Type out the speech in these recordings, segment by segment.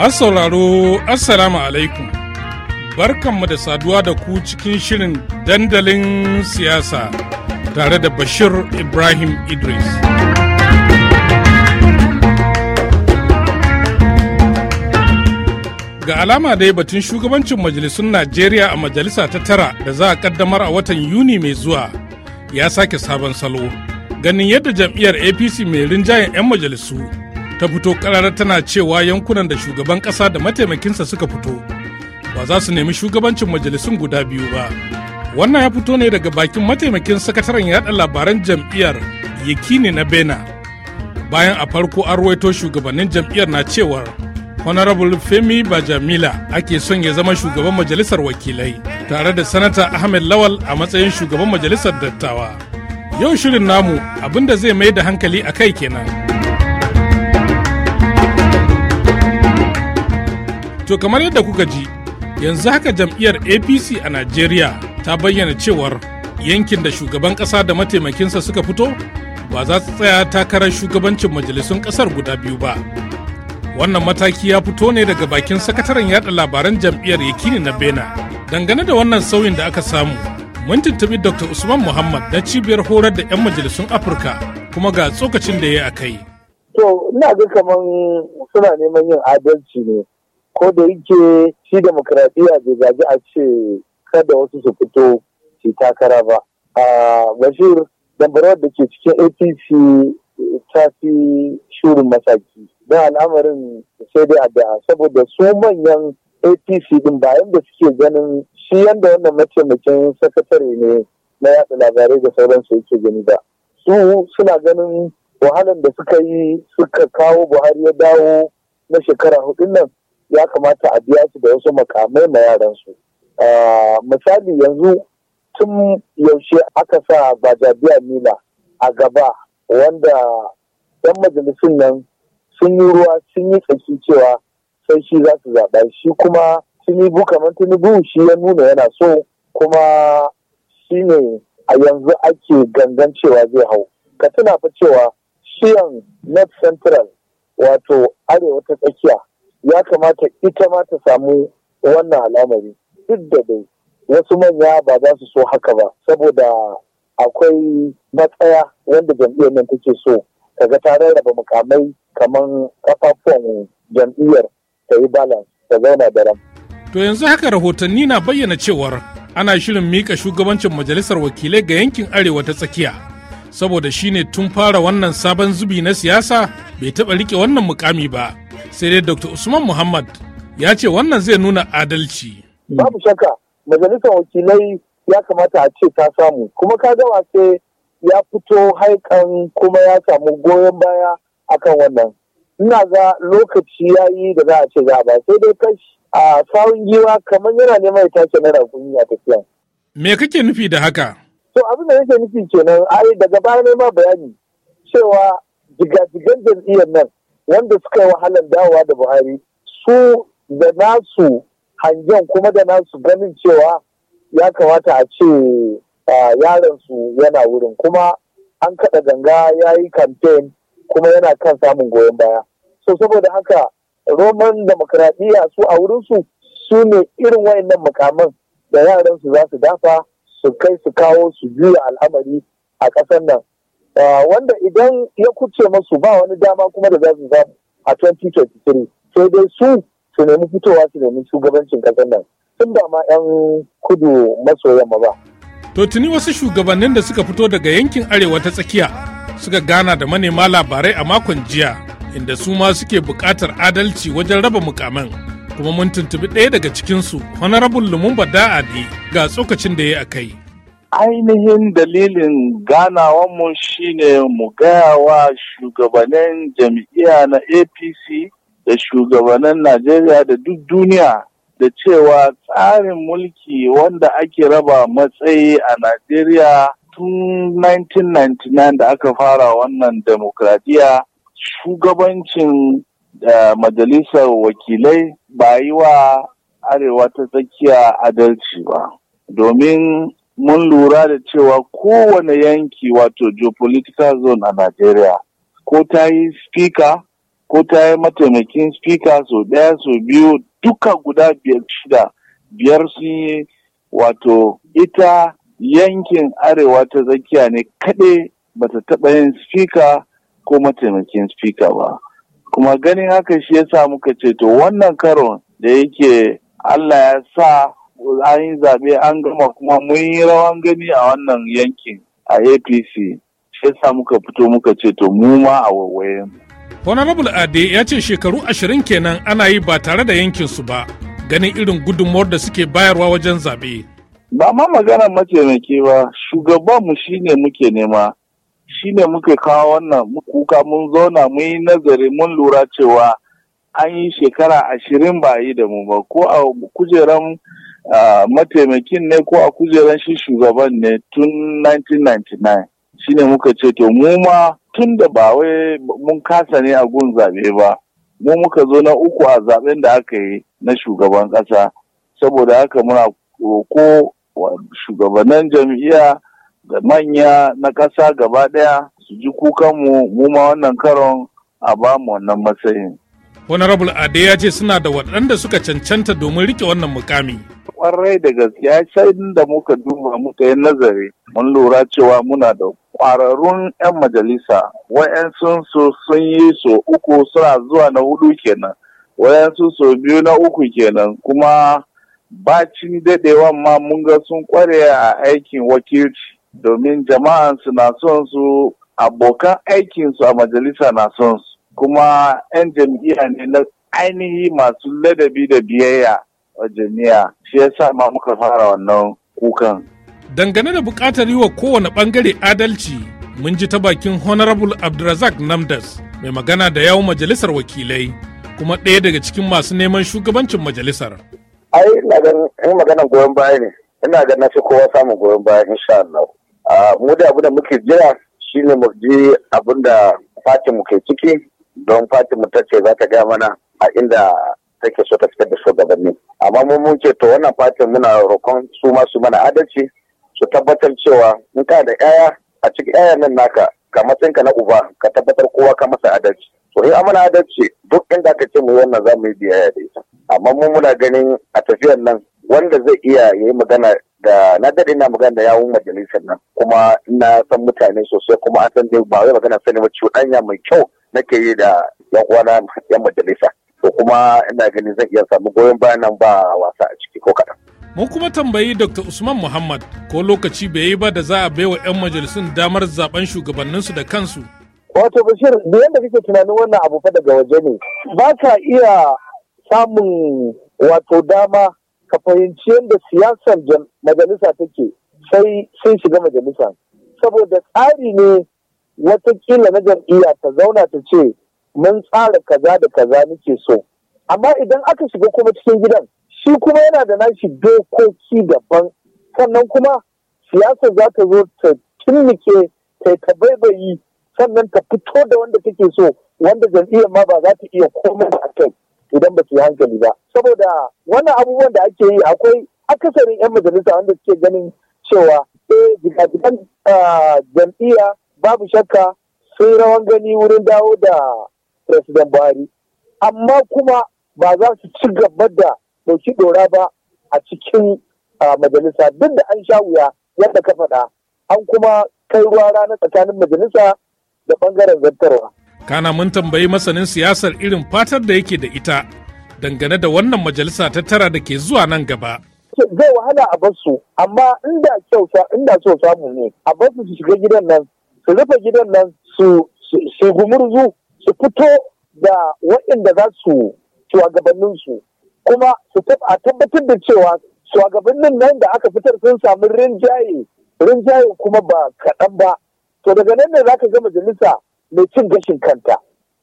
Masu sauraro Assalamu alaikum barkanmu da saduwa da ku cikin shirin dandalin siyasa tare da Bashir Ibrahim Idris. Ga alama dai batun shugabancin majalisun Najeriya a majalisa ta tara da za a kaddamar a watan Yuni mai zuwa ya sake sabon salo ganin yadda jam'iyyar APC mai rinjayen 'yan majalisu ta fito kararar tana cewa yankunan da shugaban ƙasa da mataimakinsa suka fito ba za su nemi shugabancin majalisun guda biyu ba wannan ya fito ne daga bakin mataimakin sakataren yaɗa labaran jam'iyyar yakini na bena bayan a farko an ruwaito shugabannin jam'iyyar na cewar honorable femi bajamila ake son ya zama shugaban majalisar wakilai tare da sanata ahmed lawal a matsayin shugaban majalisar dattawa yau shirin namu abinda zai mai da hankali a kai kenan To kamar yadda kuka ji, yanzu haka jam'iyyar APC a Najeriya ta bayyana cewar yankin da shugaban ƙasa da mataimakinsa suka fito ba za su tsaya takarar shugabancin majalisun ƙasar guda biyu ba. Wannan mataki ya fito ne daga bakin sakataren yada labaran jam'iyyar Yakini na Bena. Dangane da wannan sauyin da aka samu, mun tuntuɓi Dr. Usman Muhammad na cibiyar horar da 'yan majalisun Afirka kuma ga tsokacin da ya yi a kai. To, ina ga kamar suna neman yin adalci ne. ko da yake shi demokradiyya bai gaji a ce kada wasu su fito su takara ba a bashir Dambarawa da ke cikin apc ta fi shurin mataki Ba al'amarin sai dai addu'a saboda su manyan apc din ba yadda suke ganin shi yadda wannan mataimakin sakatare ne na yatsa labarai da sauransu yake gani ba su suna ganin wahalar da suka yi suka kawo buhari ya dawo na shekara hudun nan ya kamata a biya su da wasu makamai ma yaran su ah, misali yanzu tun yaushe aka sa bajabiya nila a gaba wanda yan majalisun nan sun yi ruwa sun yi tsaki cewa sai shi za su zaɓa shi kuma tinubu kamar tinubu shi ya nuna yana so kuma shi ne a yanzu ake gangan cewa zai hau ka tuna fa cewa shiyan north central wato arewa ta tsakiya ya kamata ita ma ta samu wannan al'amari duk da dai wasu manya ba za su so haka ba saboda akwai matsaya wanda jam'iyyar nan take so kaga ta rarraba mukamai kamar kafafuwan jam'iyyar ta yi balance ta zauna da ram. To yanzu haka rahotanni na bayyana cewar ana shirin mika shugabancin majalisar wakilai ga yankin arewa ta tsakiya saboda shine tun fara wannan sabon zubi na siyasa bai taɓa rike wannan mukami ba sai dai dr usman muhammad ya ce wannan zai nuna adalci babu shakka majalisar wakilai ya kamata a ce ta samu kuma ka gama sai ya fito haikan kuma ya samu goyon baya akan wannan ina ga lokaci ya yi da za a ce za ba sai dai kashi a sawun giwa kamar yana neman ya tashi naira kunya tafiya. Me kake nufi da haka? To abin da yake nufi kenan ai daga baya ne ma bayani cewa jigajigan jam'iyyar nan wanda suka yi wahalar dawowa da buhari su da nasu hangen kuma da nasu ganin cewa ya kamata a ce yaron su yana wurin kuma an kaɗa ganga ya yi kamfen kuma yana kan samun goyon baya so saboda haka roman demokradiyya su a wurinsu su ne irin wayannan mukaman da yaran su za su dafa su kai su kawo su juya al'amari a ƙasar nan Ah, wanda idan ya kuce masu ba wani dama kuma da za su samu a 2023 sai dai su su nemi fitowa su nemi shugabancin kasar nan tun ba ma 'yan kudu maso yamma ba. To tuni wasu shugabannin da suka fito daga yankin arewa ta tsakiya suka gana da manema labarai a makon jiya inda su ma suke buƙatar adalci wajen raba mukamin kuma mun tuntubi ɗaya daga cikinsu honorable lumumba da'adi ga tsokacin da ya a kai. ainihin dalilin mu shine mu gaya wa shugabannin jam'iyya na apc da shugabannin najeriya da duk duniya da cewa tsarin mulki wanda ake raba matsayi a najeriya tun 1999 da aka fara wannan demokradiyya shugabancin da majalisar wakilai ba yi wa arewa ta tsakiya adalci ba domin mun lura da cewa kowane yanki wato geopolitical zone a Najeriya ko ta yi speaker ko ta yi mataimakin speaker so ɗaya so biyu duka guda biyar shida biyar sun yi wato ita yankin arewa ta tsakiya ne kaɗai ta taɓa yin speaker ko mataimakin spika ba kuma ganin haka shi ya sa muka ce to wannan karon da yake Allah ya sa an yi zaɓe an gama kuma mun yi rawan gani a wannan yankin a apc shi sa muka fito muka ce to mu ma a wawaye honorable ade ya ce shekaru ashirin kenan ana yi ba tare da yankin su ba ganin irin gudunmuwar da suke bayarwa wajen zaɓe. ba ma magana mataimaki ba shugaban mu shine muke nema shine muke kawo wannan kuka mun zauna mun yi nazari mun lura cewa an yi shekara ashirin ba yi da mu ba ko a kujeran Ah, mataimakin ne ko a kujerar shi shugaban ne tun 1999 shine muka ce to mu ma tun da ba wai mun kasa ne a gun zaɓe ba mu muka zo na uku a zaɓen da aka yi na shugaban ƙasa saboda haka muna ko shugabannin jam'iyya da manya na ƙasa gaba ɗaya su ji kukanmu mu ma wannan karon a bamu wannan matsayin. honorable ade ya ce suna da waɗanda suka cancanta domin rike wannan mukami kwarai da gaskiya sai da muka duba muka yi nazari mun lura cewa muna da ƙwararrun 'yan majalisa wayansu su sun yi so uku suna zuwa na hudu kenan wayansu so biyu na uku kenan kuma bacin dadewa ma mun ga sun kware a aikin wakilci domin jama'ansu na son su abokan aikinsu a majalisa na son su kuma 'yan jam'iyya ne na ainihi masu ladabi da biyayya a jami'a shi ya sa ma muka fara wannan kukan. Dangane da buƙatar yi wa kowane ɓangare adalci mun ji ta bakin Honorable Abdulrazak Namdas mai magana da yawon majalisar wakilai kuma ɗaya daga cikin masu neman shugabancin majalisar. Ai, ina maganan goyon baya ne, ina ganin fi kowa samun goyon baya insha Allah. Ah, mu da abu da muke jira shine mu ji abin da fatin mu ke ciki don fatima ta ce za ta gaya mana a inda take so ta fitar da shugabanni amma mun mun ce to wannan fatin muna roƙon su ma su mana adalci su tabbatar cewa in ka da yaya a cikin yayan nan naka ka ka na uba ka tabbatar kowa ka masa adalci to in amana adalci duk inda ka ce mu wannan za mu yi biyayya da ita amma mun muna ganin a tafiyar nan wanda zai iya ya yi magana da na daɗe na magana da yawun majalisar nan kuma na san mutane sosai kuma a san dai ba wai magana sani ba cuɗanya mai kyau nake yi da yan uwana yan majalisa ko kuma ina ganin zan iya samu goyon bayan nan ba wasa a ciki ko kaɗan. Mun kuma tambayi Dr. Usman Muhammad ko lokaci bai yi ba da za a baiwa 'yan majalisun damar zaben shugabanninsu da kansu. Wato Bashir, da yadda kake tunanin wannan abu fa daga waje ne, ba ka iya samun wato dama ka fahimci yadda siyasar majalisa take sai sun shiga majalisa. Saboda tsari ne watakila na jam'iyya ta zauna ta ce mun tsara kaza da kaza nake so amma idan aka shiga kuma cikin gidan shi kuma yana da nashi dokoki daban sannan kuma siyasa za ta zo ta cinnike ta baibayi sannan ta fito da wanda take so wanda jam'iyyar ma ba za ta iya komai a kai idan ba su yi hankali ba saboda wannan abubuwan da ake yi akwai akasarin 'yan majalisa wanda suke ganin cewa eh jigajigan ah, jam'iyya babu shakka sun rawan gani wurin dawo da president buhari amma kuma ba za su ci gaba da ɗauki ɗora ba a cikin majalisa duk da an sha wuya yadda ka faɗa an kuma kai ruwa rana tsakanin majalisa da ɓangaren zartarwa. kana mun tambayi masanin siyasar irin fatar da yake da ita dangane da wannan majalisa ta tara da ke zuwa nan gaba. zai wahala a basu amma inda kyau inda so samu ne a basu su shiga gidan nan su rufe gidan nan su su gumurzu su fito da waɗanda za su shugabanninsu kuma su a tabbatar da cewa shugabannin nan da aka fitar sun samu rinjaye rinjaye kuma ba kaɗan ba to daga nan ne za ka ga majalisa mai cin gashin kanta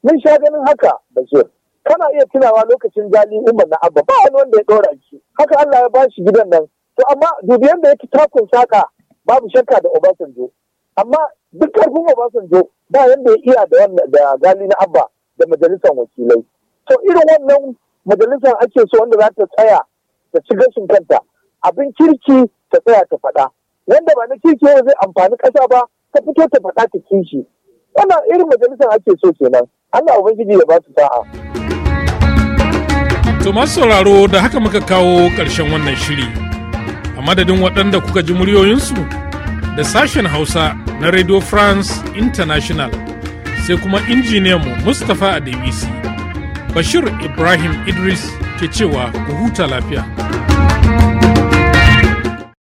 mun sha ganin haka bashir kana iya tunawa lokacin gali umar na abba ba wani wanda ya ɗora shi haka allah ya bashi gidan nan to amma dubiyan da yake takun saka babu shakka da obasanjo amma duk karfin Obasanjo ba yadda ya iya da da gali na abba da majalisar wakilai to irin wannan majalisar ake so wanda za ta tsaya ta ci gashin kanta abin kirki ta tsaya ta faɗa wanda ba na kirki ne zai amfani ƙasa ba ta fito ta faɗa ta kishi wannan irin majalisar ake so kenan Allah ubangiji ya ba su sa'a To masu sauraro da haka muka kawo ƙarshen wannan shiri, a madadin waɗanda kuka ji muryoyinsu da sashen Hausa na Radio France International sai kuma mu Mustapha Adebisi. Bashir Ibrahim Idris ke cewa ku huta lafiya.